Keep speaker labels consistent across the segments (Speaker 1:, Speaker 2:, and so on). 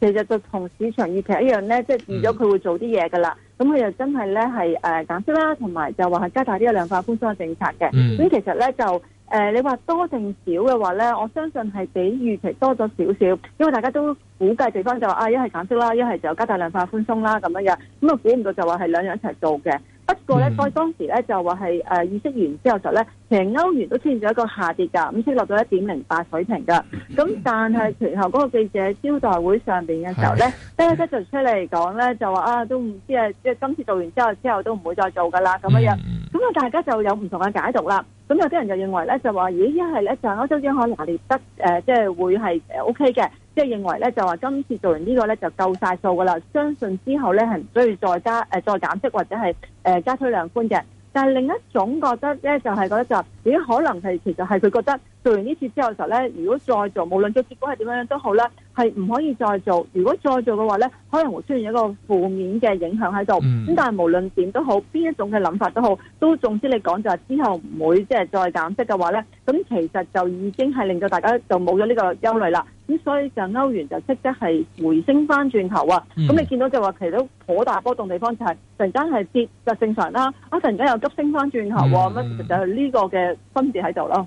Speaker 1: 其實就同市場預期一樣咧，即、就、係、是、預咗佢會做啲嘢噶啦。咁佢又真係咧係誒減息啦，同埋、呃、就話係加大呢個量化寬鬆嘅政策嘅。咁、嗯、其實咧就誒、呃，你多話多定少嘅話咧，我相信係比預期多咗少少，因為大家都估計對方就話啊，一係減息啦，一係就加大量化寬鬆啦咁樣樣。咁啊，估唔到就話係兩樣一齊做嘅。
Speaker 2: 不過咧，所、嗯、
Speaker 1: 當時咧就話係誒，議、呃、息完之後就咧，其實歐元都出現咗一個下跌噶，咁跌落到一點零八水平噶。咁但係隨後嗰個記者招待會上邊嘅時候咧，咧咧的就出嚟講咧，就話啊，都唔知係即係今次做完之後之後都唔會再做噶啦。咁樣，咁啊、嗯，大家就有唔同嘅解讀啦。咁有啲人就認為咧，就話咦，一係咧就歐洲央行拿捏得誒，即係會係 OK 嘅，即係認為咧就話今次做完個呢個咧就夠晒數噶啦，相信之後咧係唔需要再加、呃、再減息或者係誒、呃、加推量寬嘅。但係另一種覺得咧就係覺得就咦可能係其實係佢覺得做完呢次之後嘅時候咧，如果再做無論個結果係點樣樣都好啦。係唔可以再做，如果再做嘅話咧，可能會出現一個負面嘅影響喺度。咁、嗯、但係無論點都好，邊一種嘅諗法都好，都總之你講就係之後唔會即係再減息嘅話咧，咁其實就已經係令到大家就冇咗呢個憂慮啦。咁所以就歐元就即刻係回升翻轉頭啊！咁、嗯、你見到就話其實都好大波動地方就係、啊啊，突然間係跌就正常啦，啊突然間又急升翻轉頭啊，乜、嗯嗯、就係呢個嘅分別喺度咯。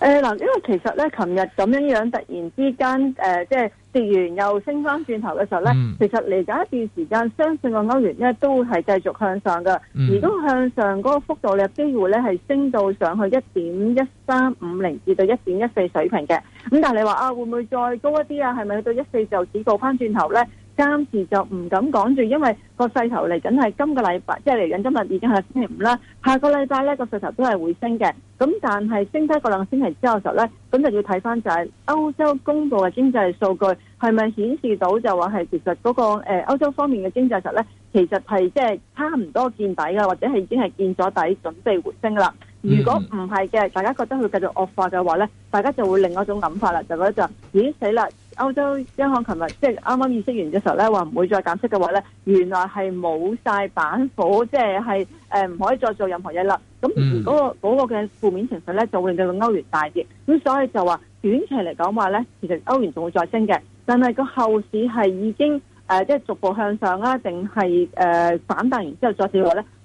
Speaker 1: 誒嗱、呃，因為其實咧，琴日咁樣樣突然之間，誒、呃，即係跌完又升翻轉頭嘅時候咧，嗯，其實嚟緊一段時間，相信歐元咧都係繼續向上噶。如果，嗯，向上嗰個幅度，你有機會咧係升到上去一點一三五零至到一點一四水平嘅。咁但係你話啊，會唔會再高一啲啊？係咪去到一四就止步翻轉頭咧？暫時就唔敢講住，因為個勢頭嚟緊係今個禮拜，即係嚟緊今日已經係星期五啦。下個禮拜咧個勢頭都係回升嘅，咁但係升低個兩個星期之後嘅時候咧，咁就要睇翻就係歐洲公布嘅經濟數據係咪顯示到就話係其實嗰個誒歐洲方面嘅經濟實咧，其實係即係差唔多見底啦，或者係已經係見咗底，準備回升啦。如果唔係嘅，大家覺得佢繼續惡化嘅話咧，大家就會另一種諗法啦，就覺得就已經死啦。歐洲央行琴日即係啱啱意識完嘅時候咧，話唔會再減息嘅話咧，原來係冇晒板斧，即係係誒唔可以再做任何嘢啦。咁嗰個嗰個嘅負面情緒咧，就會令到個歐元大跌。咁所以就話短期嚟講話咧，其實歐元仲會再升嘅，但係個後市係已經誒、呃、即係逐步向上啦、啊，定係誒反彈完之後再跌落咧？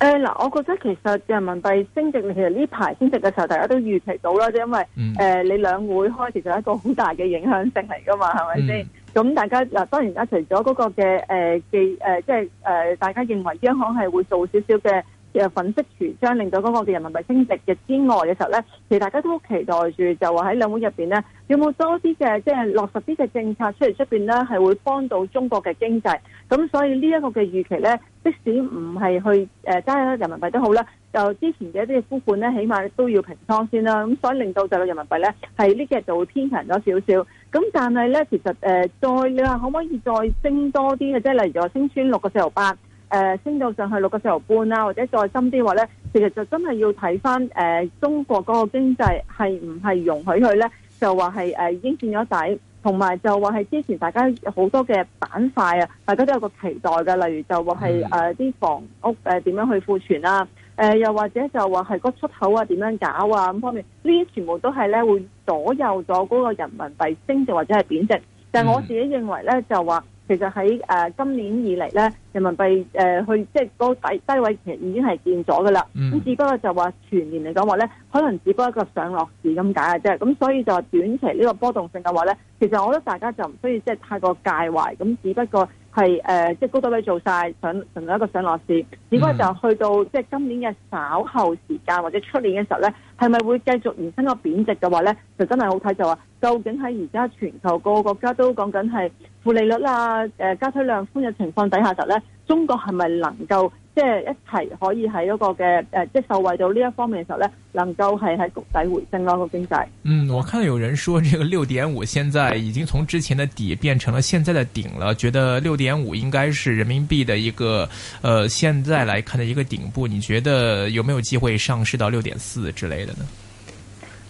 Speaker 1: 誒，嗱、呃，我覺得其實人民幣升值，其實呢排升值嘅時候，大家都預期到啦，即因為誒、嗯呃，你兩會開始就係一個好大嘅影響性嚟噶嘛，係咪先？咁、嗯、大家嗱，當然啦，除咗嗰個嘅誒嘅誒，即係誒、呃，大家認為央行係會做少少嘅。誒粉飾櫥窗令到嗰個嘅人民幣升值嘅之外嘅時候咧，其實大家都好期待住，就話喺兩會入面咧，有冇多啲嘅即係落實啲嘅政策出嚟出面咧，係會幫到中國嘅經濟。咁所以呢一個嘅預期咧，即使唔係去誒揸人民幣都好啦，就之前嘅一啲沽盤咧，起碼都要平倉先啦。咁所以令到就係人民幣咧係呢幾日就會偏強咗少少。咁但係咧，其實誒再你話可唔可以再升多啲嘅，即係例如話升穿六個四毫八。誒、呃、升到上去六個四毫半啦，或者再深啲話咧，其實就真係要睇翻誒中國嗰個經濟係唔係容許佢咧？就話係誒已經見咗底，同埋就話係之前大家好多嘅板塊啊，大家都有個期待嘅，例如就話係誒啲房屋誒點樣去庫存啊，誒、呃、又或者就話係個出口啊點樣搞啊咁方面，呢啲全部都係咧會左右咗嗰個人民幣升值或者係貶值。嗯、但係我自己認為咧，就話。其實喺誒、呃、今年以嚟咧，人民幣誒、呃、去即係高低低位其實已經係見咗噶啦。咁、嗯、只不過就話全年嚟講話咧，可能只不過一個上落市咁解嘅啫。咁所以就話短期呢個波動性嘅話咧，其實我覺得大家就唔需要即係太過介懷。咁只不過係誒、呃、即係高多位做晒，上成為一個上落市。只不過就去到、嗯、即係今年嘅稍後時間或者出年嘅時候咧，係咪會繼續延伸個貶值嘅話咧，就真係好睇就話究竟喺而家全球各個國家都講緊係。負利率啊，誒、呃、加推量寬嘅情況底下，就呢中國係咪能夠即係一齊可以喺嗰個嘅誒、呃、即係受惠到呢一方面嘅時候呢，能夠係喺谷底回升嗰個經濟？
Speaker 2: 嗯，我看到有人說，這個六點五現在已經從之前的底變成了現在的頂了，覺得六點五應該是人民幣的一個，誒、呃、現在來看的一個頂部。你覺得有沒有機會上升到六點四之類的呢？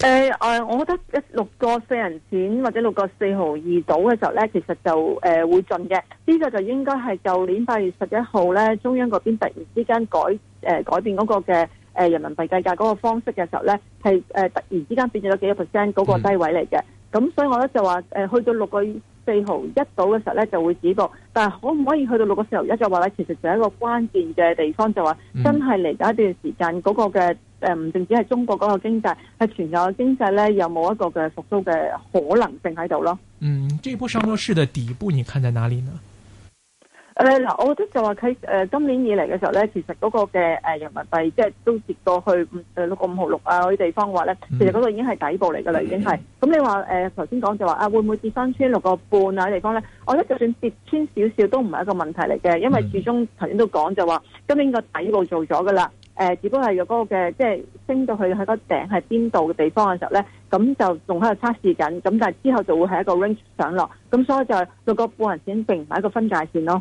Speaker 1: 誒誒、呃，我覺得一六個四人錢或者六個四毫二到嘅時候咧，其實就誒、呃、會進嘅。呢、這個就應該係舊年八月十一號咧，中央嗰邊突然之間改誒、呃、改變嗰個嘅誒、呃、人民幣計價嗰個方式嘅時候咧，係誒、呃、突然之間變咗幾個 percent 嗰、那個低位嚟嘅。咁、嗯、所以我咧就話誒、呃、去到六個。四毫一到嘅時候咧，就會止步。但係可唔可以去到六個四毫一嘅話咧，其實就係一個關鍵嘅地方就說，就話真係嚟咗一段時間嗰、那個嘅誒，唔、呃、淨止係中國嗰個經濟，係全球嘅經濟咧，有冇一個嘅復蘇嘅可能性喺度咯？嗯，
Speaker 2: 這波上落市嘅底部，你看在哪裏呢？
Speaker 1: 嗱、嗯，我覺得就話、呃、今年以嚟嘅時候咧，其實嗰、那個嘅、呃、人民幣即係都跌到去五、呃、六個五毫六啊嗰啲、那個、地方嘅話咧，其實嗰個已經係底部嚟㗎啦，嗯、已經係。咁你話誒頭先講就話啊，會唔會跌翻穿六個半啊？那個、地方咧，我覺得就算跌穿少，少少都唔係一個問題嚟嘅，因為始終頭先都講就話今年個底部做咗㗎啦。只不過係嗰、那個嘅即係升到去喺、那個頂係邊度嘅地方嘅時候咧，咁就仲喺度測試緊。咁但係之後就會係一個 range 上落，咁所以就六個半銀錢並唔係一個分界線咯。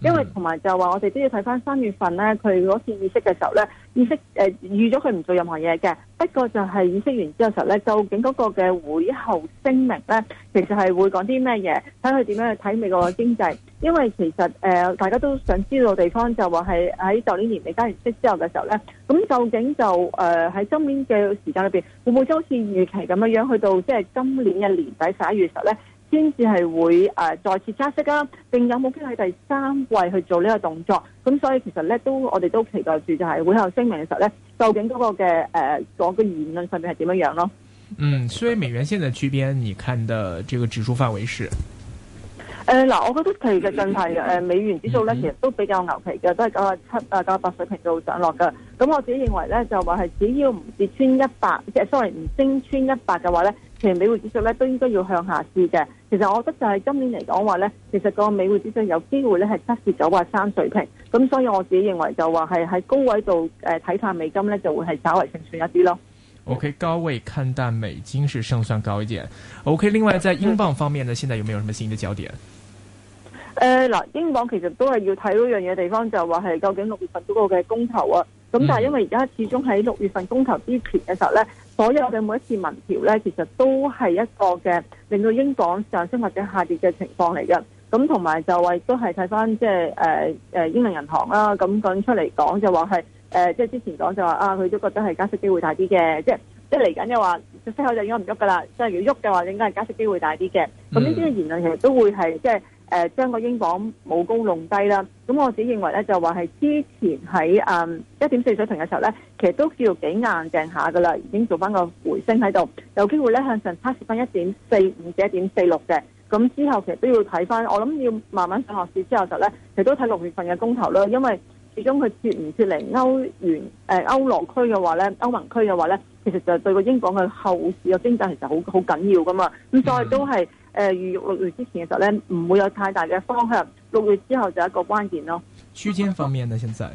Speaker 1: 因為同埋就話我哋都要睇翻三月份咧，佢嗰次議息嘅時候咧，議息誒預咗佢唔做任何嘢嘅。不過就係議息完之後嘅時候咧，究竟嗰個嘅會後聲明咧，其實係會講啲咩嘢？睇佢點樣去睇美國嘅經濟。因為其實誒、呃，大家都想知道地方就話係喺舊年年底加完息之後嘅時候咧，咁究竟就誒喺、呃、今年嘅時間裏面，會唔會就好似預期咁樣樣去到即係今年嘅年底十一月時候咧？先至係會誒、呃、再次加息啦，定有冇機會喺第三季去做呢個動作？咁所以其實咧都我哋都期待住，就係會後聲明嘅時候咧，究竟嗰個嘅誒講嘅言論上面係點樣樣咯？嗯，
Speaker 2: 所以美元現在區邊？你看的這個指數範圍是
Speaker 1: 誒嗱、呃，我覺得其實近排嘅美元指數咧，其實都比較牛皮嘅，都係九廿七啊、九廿八水平度上落嘅。咁我自己認為咧，就話係只要唔跌穿一百，即係 sorry 唔升穿一百嘅話咧，其實美元指數咧都應該要向下試嘅。其實我覺得就係今年嚟講話咧，其實個美匯指數有機會咧係七跌九十三水平，咁所以我自己認為就話係喺高位度誒睇下美金咧就會係稍為勝算一啲咯。
Speaker 2: O、okay, K，高位看淡美金是勝算高一點。O、okay, K，另外在英鎊方面呢， 現在有沒有什麼新嘅焦點？
Speaker 1: 誒、呃，嗱，英鎊其實都係要睇嗰樣嘢地方，就話、是、係究竟六月份嗰個嘅公投啊，咁但係因為而家始終喺六月份公投之前嘅時候咧。嗯所有嘅每一次民調咧，其實都係一個嘅令到英港上升或者下跌嘅情況嚟嘅。咁同埋就話都係睇翻即係誒英倫銀行啦。咁講出嚟講就話係即係之前講就話啊，佢都覺得係加息機會大啲嘅。即係即係嚟緊嘅話息口就應該唔喐噶啦。即係如果喐嘅話，應該係加息機會大啲嘅。咁呢啲嘅言論其實都會係即係。誒，將個、呃、英鎊武功弄低啦，咁我自己認為咧，就話係之前喺誒一點四水平嘅時候咧，其實都叫做幾硬淨下噶啦，已經做翻個回升喺度，有機會咧向上測試翻一點四五至一點四六嘅，咁之後其實都要睇翻，我諗要慢慢上落市之後就咧，其實都睇六月份嘅公投啦，因為始終佢脫唔脫離歐元誒歐羅區嘅話咧，歐盟區嘅話咧，其實就對個英鎊嘅後市嘅經濟其實
Speaker 2: 好好緊要噶嘛，咁所以都係。
Speaker 1: 誒預預六月之前嘅時候咧，唔會有太大嘅方向。六月之後就係一個關鍵咯。
Speaker 2: 區間方面呢，現在
Speaker 1: 誒、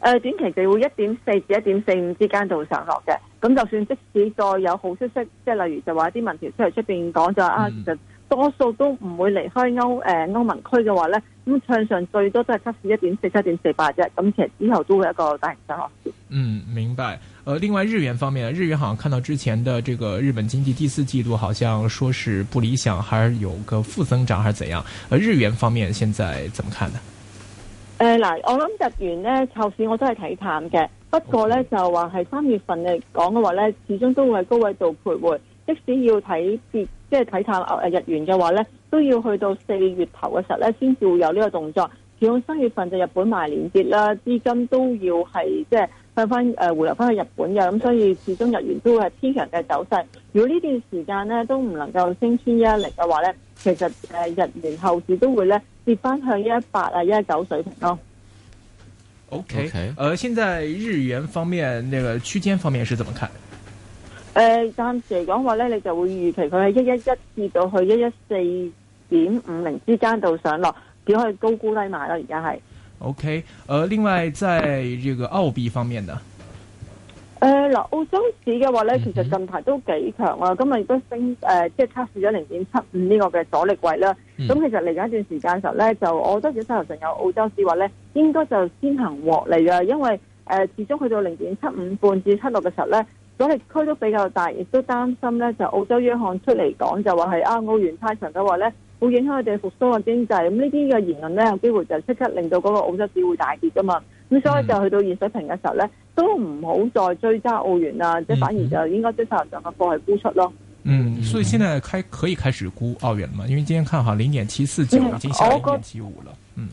Speaker 1: 呃、短期就會一點四至一點四五之間就會上落嘅。咁就算即使再有好消息，即係例如就話啲民調出嚟出邊講咗話啊，其、就、實、是嗯、多數都唔會離開歐誒、呃、歐盟區嘅話咧，咁向上最多都係測試一點四七點四八啫。咁其實之後都會一個
Speaker 2: 大型上落。嗯，明白。呃，另外日元方面，日元好像看到之前的這個日本經濟第四季度好像說是不理想，還是有個負增長，還是怎樣？呃，日元方面現在怎麼看呢？
Speaker 1: 呃嗱，我諗日元呢，後市我都係睇淡嘅。不過呢，哦、就話係三月份嚟講嘅話呢，始終都會係高位度徘徊。即使要睇跌，即係睇淡日元嘅話呢，都要去到四月頭嘅時候呢，先至會有呢個動作。始終三月份就日本埋年結啦，資金都要係即係。翻誒回，回、呃、回流翻去日本嘅，咁所以始終日元都會係偏強嘅走勢。如果呢段時間咧都唔能夠升穿一一零嘅話咧，其實誒日元後市都會咧跌翻向一一八啊、一一九水平咯。
Speaker 2: OK，而 Okay.、呃、現在日元方面，呢、那個區間方面是怎麼看？
Speaker 1: 誒暫、呃、時嚟講話咧，你就會預期佢喺一一一至到去一一四點五零之間度上落，只可以高估低買啦。而家係。
Speaker 2: O K，而另外，在這個澳幣方面呢？
Speaker 1: 誒嗱、呃，澳洲市嘅話呢，其實近排都幾強啊！嗯、哼今日亦都升誒、呃，即係測試咗零點七五呢個嘅阻力位啦。咁、嗯、其實嚟緊一段時間嘅時候呢，就我覺得只要手頭上有澳洲市嘅話呢，應該就先行獲利噶。因為誒、呃，始終去到零點七五半至七六嘅時候呢，阻力區都比較大，亦都擔心呢，就澳洲央行出嚟講就話係啊澳元太強嘅話呢。會影響佢哋復蘇嘅經濟，咁呢啲嘅言論咧，有機會就即刻令到嗰個澳洲紙會大跌噶嘛，咁所以就去到現水平嘅時候咧，都唔好再追加澳元啦，即係、嗯、哼反而就應該追刻上場嘅貨係沽出
Speaker 2: 咯。嗯，所以現在開可以開始沽澳元嘛，因為今天看下零點七四九已經收嚟沽紙戶啦。嗯，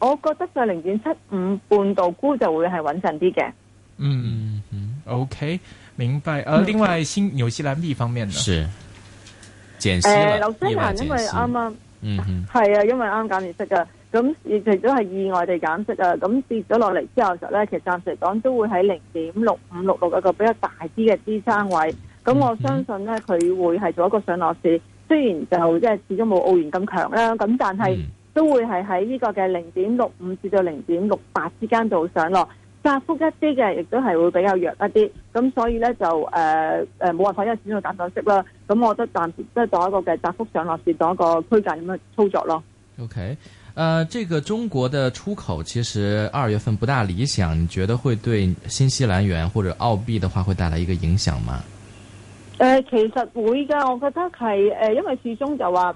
Speaker 1: 我覺得在零點七五半度沽就會係穩陣啲嘅。嗯
Speaker 2: 嗯，OK，嗯明白。而、啊、Okay. 另外新紐西蘭幣方面呢？是誒，紐西蘭因為啱啱
Speaker 1: 係啊，嗯、哼因為啱啱減息噶，咁亦都係意外地減息啊，咁跌咗落嚟之後，實咧其實暫時嚟講都會喺零點六五六六一個比較大啲嘅支撐位，咁我相信咧佢會係做一個上落市，嗯、哼雖然就即係始終冇澳元咁強啦，咁但係都會係喺呢個嘅零點六五至到零點六八之間度上落。窄幅一啲嘅，亦都係會比較弱一啲，咁所以咧就誒誒冇辦法，因為始終要減息啦。咁我覺得暫時都係做一個嘅窄幅上落市，做一個區間咁樣操作咯。
Speaker 3: OK，誒、呃，這個中國的出口其實二月份不大理想，你覺得會對新西蘭元或者澳幣的話會帶來一個影響嗎？誒、呃，
Speaker 1: 其實會噶，我覺得係誒、呃，因為始終就話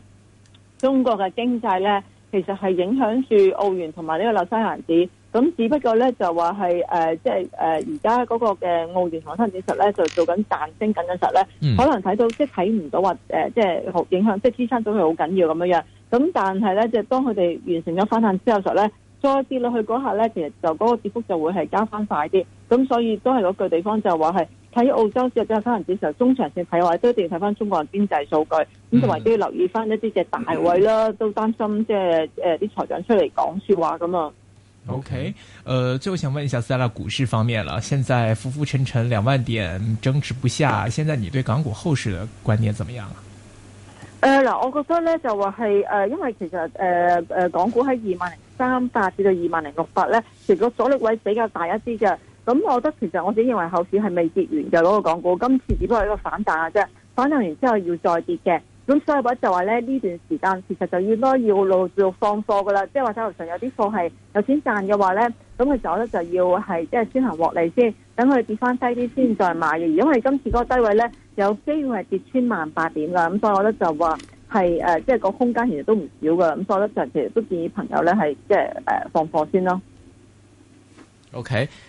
Speaker 1: 中國嘅經濟咧，其實係影響住澳元同埋呢個紐西蘭紙。咁只不過咧就話係誒，即係誒而家嗰個嘅澳元創新點實咧，就做緊彈升緊嘅實咧，嗯、可能睇到即係睇唔到或誒，即係好、呃、影響，即係支撐到佢好緊要咁樣樣。咁但係咧，即係當佢哋完成咗反彈之後實咧，再一跌落去嗰刻咧，其實就嗰個跌幅就會係加翻快啲。咁所以都係嗰句地方就話係睇澳洲市嘅貪婪點實，中長線睇嘅話都一定要睇翻中國人經濟數據。咁同埋都要留意翻一啲嘅大位啦，都擔心即係啲、呃、財長出嚟講說話咁啊。
Speaker 2: O Okay. K，okay. 呃，最後想問一下 Sala、okay. 股市方面啦，現在浮浮沉沉兩萬點爭持不下，現在你對港股後市的觀點怎麼樣？
Speaker 1: 誒嗱，呃，我覺得咧就話係誒，因為其實誒誒，呃呃，港股喺二萬零三百至到二萬零六百咧，其實個阻力位比較大一啲嘅，咁我覺得其實我自己認為後市係未跌完嘅嗰，那個港股，今次只不過係一個反彈嘅啫，反彈完之後要再跌嘅。咁所以話就話咧，呢段時間其實就要多要落繼續放貨噶啦，即係話手頭上有啲貨係有錢賺嘅話咧，咁佢嘅時候咧，就要係即係先行獲利先，等佢跌翻低啲先再買嘅。如果係今次嗰個低位咧，有機會係跌穿萬八點噶，咁所以我覺得就話係誒，即係個空間其實都唔少噶，咁所以我覺得就其實都建議朋友咧係即係誒放貨先咯。
Speaker 3: OK。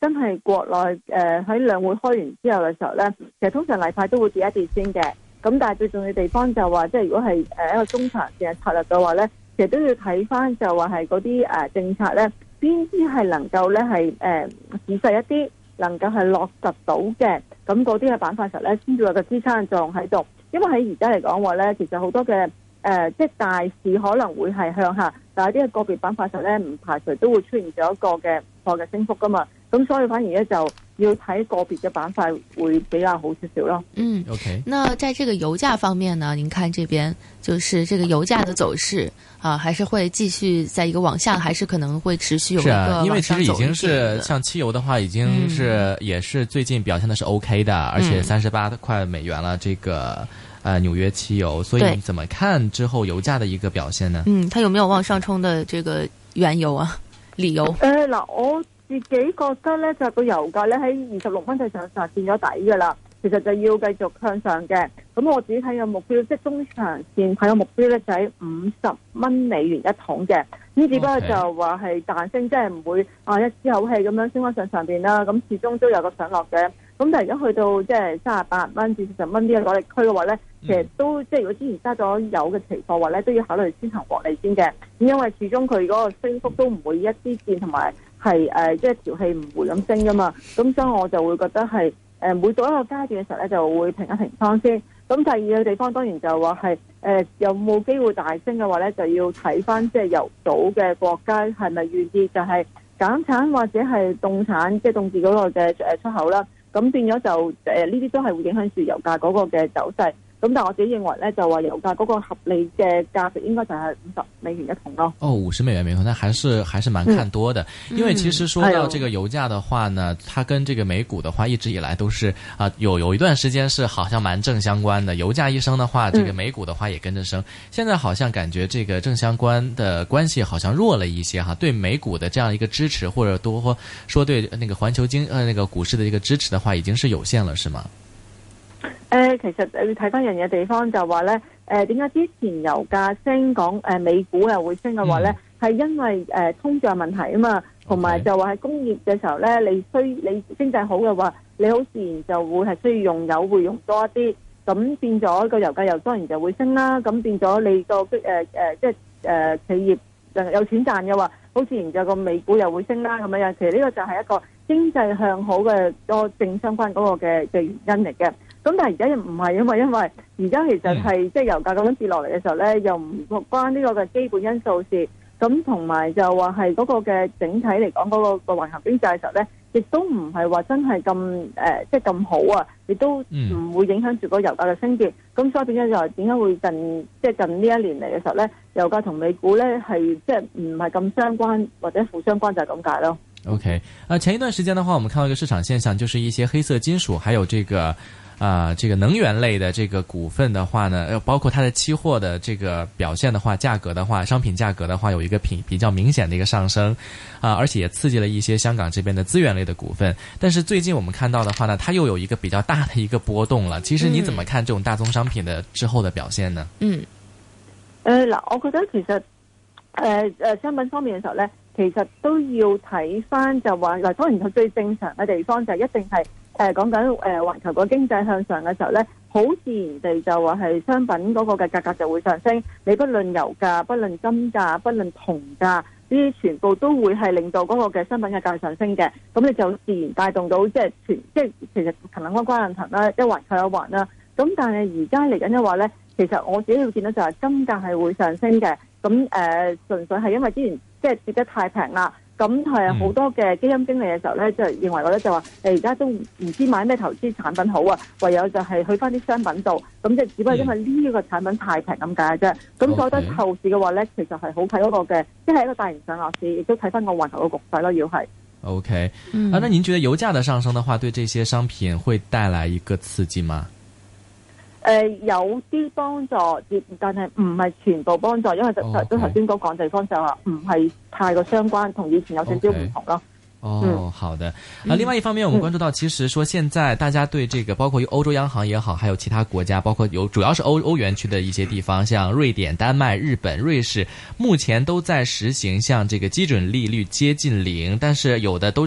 Speaker 1: 真係國內誒喺兩會開完之後嘅時候咧，其實通常例牌都會跌一跌先嘅。咁但係最重要地方就話，即係如果係誒一個中長嘅策略嘅話咧，其實都要睇翻就話係嗰啲誒政策咧，邊啲係能夠咧係誒仔細一啲，能夠係落實到嘅。咁嗰啲嘅板塊上咧，先至有個支撐作用喺度。因為喺而家嚟講話咧，其實好多嘅誒即係大市可能會係向下，但係啲個別板塊上咧唔排除都會出現咗一個嘅錯嘅升幅噶嘛。咁所以反而呢，就要睇個別嘅板塊會比較好少少咯。嗯，OK。那在這個油價方面呢？您看這邊，這邊就是這個油價的走勢啊，還是會繼續在一個往下，還是可能會持續有一個往上走？是啊，因為其實已經是，
Speaker 3: 像汽油的話，已經是、嗯、也是最近表現的是 OK 的，而且三十八塊美元了。這個呃紐約汽油，所以你怎麼看之後油價的一個表現呢？嗯，
Speaker 1: 它有沒有往上衝的這個原油啊？理由？誒，老歐。自己覺得咧，就個油價咧喺二十六蚊就上上見咗底噶啦，其實就要繼續向上嘅。咁我自己睇嘅目標即係、就是、中長線睇嘅目標咧，就喺五十蚊美元一桶嘅。咁 Okay. 只不過就話係彈升，即係唔會啊一支口氣咁樣升翻上上邊啦。咁始終都有個上落嘅。咁但係而家去到即係三十八蚊至四十蚊啲嘅阻力區嘅話咧，mm. 其實都即係如果之前揸咗油嘅期貨話咧，都要考慮先行獲利先嘅。咁因為始終佢嗰個升幅都唔會一支線同埋。係誒，即係調氣唔回咁升噶嘛，咁所以我就會覺得係誒、呃，每到一個階段嘅時候咧，就會平一平倉先。咁第二個地方當然就話係誒，有冇機會大升嘅話咧，就要睇翻即係油島嘅國家係咪願意，就係減產或者係凍產，即係凍字嗰個嘅誒出口啦。咁變咗就誒，呢、呃、啲都係會影響住油價嗰個嘅走勢。咁但我自己認為呢，就話油價嗰個合理嘅價值應該就係五十美
Speaker 3: 元一桶咯。哦，五十美元每桶，但係還是還是蠻看多的。嗯、因為其實說到這個油價的話呢，嗯、它跟這個美股的話，一直以來都是啊、呃、有有一段時間是好像蠻正相關的。油價一升的話，這個美股的話也跟着升。嗯、現在好像感覺這個正相關的關係好像弱了一些哈。對美股的這樣一個支持，或者多說對那個環球經呃那個股市的一個支持的話，已經是有限了，是嗎？
Speaker 1: 誒、呃，其實你睇翻人嘅地方就話咧，誒、呃，點解之前油價升，講、呃、誒美股又會升嘅話咧，係、嗯、因為誒、呃、通脹問題啊嘛，同埋 Okay. 就話喺工業嘅時候咧，你需你經濟好嘅話，你好自然就會係需要用油會用多一啲，咁變咗個油價又當然就會升啦，咁變咗你個誒誒即係誒企業有有錢賺嘅話，好自然就個美股又會升啦咁樣樣，其實呢個就係一個經濟向好嘅多正相關嗰個嘅嘅原因嚟嘅。咁但係而家又唔係，因為因為而家其實係即係油價咁樣跌落嚟嘅時候咧，又唔關呢個嘅基本因素事。咁同埋就話係嗰個嘅整體嚟講嗰、那個個環球經濟嘅時候咧，亦都唔係話真係咁誒，即係咁好啊，亦都唔會影響住個油價嘅升跌。咁、嗯、所以變咗就係點解會近即係、就是、近呢一年嚟嘅時候咧，油價同美股咧係即係唔係咁相關或者負相關就係咁解咯。
Speaker 3: OK，啊前一段時間嘅話，我們看到一個市場現象，就是一些黑色金屬，還有這個。啊，這個能源類的這個股份的話呢，呃，包括它的期貨的這個表現的話，價格的話，商品價格的話，有一個比比較明顯的一個上升，啊，而且也刺激了一些香港這邊的資源類的股份。但是最近我們看到的話呢，它又有一個比較大的一個波動了。其實你怎麼看這種大宗商品的之後的表現呢？嗯，嗯
Speaker 1: 呃嗱，我覺得其實，呃，呃商品方面嘅時候呢，其實都要睇返就話，嗱，當然佢最正常嘅地方就係一定係。誒講緊誒，環球個經濟向上嘅時候咧，好自然地就話係商品嗰個嘅價格就會上升。你不論油價，不論金價，不論銅價，呢啲全部都會係令到嗰個嘅商品嘅價上升嘅。咁你就自然帶動到即係全，即係其實琴能安瓜銀行啦，一環扣一環啦，啊。咁但係而家嚟緊嘅話咧，其實我自己會見到就係金價係會上升嘅。咁誒，純粹係因為之前即係跌得太平啦。咁係好多嘅基金經理嘅時候咧，就認為咧就話，誒而家都唔知買咩投資產品好啊，唯有就係去翻啲商品度，咁即係只不過因為呢個產品太平咁解啫。咁、嗯、所以我覺得後市嘅話咧，其實係好睇嗰、那個嘅，即係、嗯、一個大型上落市，亦都睇翻個環球嘅局勢咯，要係
Speaker 3: Okay,、嗯。O K，啊，那您覺得油價的上升的話，對這些商品會帶來一個刺激嗎？
Speaker 1: 呃、有啲幫助，但係唔係全部幫助，因為就頭先講地方上話唔係太過相
Speaker 3: 關，同以前有少少唔同咯。哦 Okay .、oh, 嗯，好的。另外一方面，我們關注到，其實說現在大家對這個包括於歐洲央行也好，還有其他國家，包括有主要是歐歐，歐元區的一些地方，像瑞典、丹麥、日本、瑞士，目前都在實行像這個基準利率接近零，但是有的都。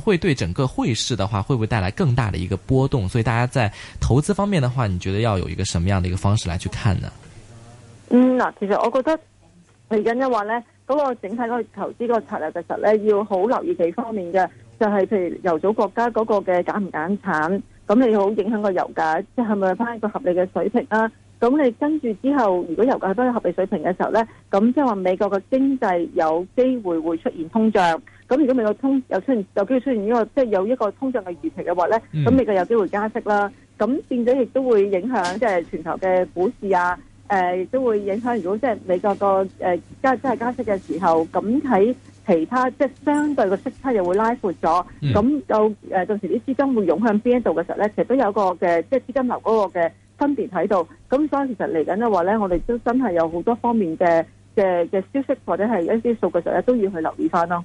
Speaker 3: 會對整個匯市嘅話，會唔會帶來更大的一個波動？所以大家在投資方面的話，你覺得要有一個什麼樣的一個方式來去看呢？
Speaker 1: 嗯，嗱，其實我覺得嚟緊一話呢咁我、那個、整體個投資個策略其實呢要好留意幾方面嘅，就係、是、譬如油組國家嗰個嘅減唔減產，咁你好影響個油價，即係咪翻一個合理嘅水平啊？咁你跟住之後，如果油價係翻合理水平嘅時候咧，咁即係話美國嘅經濟有機會會出現通脹。咁如果美國通又出現有機會出現呢個即係、就是、有一個通脹嘅預期嘅話咧，咁美國有機會加息啦。咁變咗亦都會影響即係全球嘅股市啊。亦、呃、都會影響。如果即係美國個誒、呃、加加息嘅時候，咁喺其他即係、就是、相對嘅息差又會拉闊咗。咁到誒到時啲資金會湧向邊一度嘅時候咧，其實都有個嘅即係資金流嗰個嘅分別喺度。咁所以其實嚟緊嘅話咧，我哋都真係有好多方面嘅嘅嘅消息或者係一啲數據時候咧，都要去留意翻咯。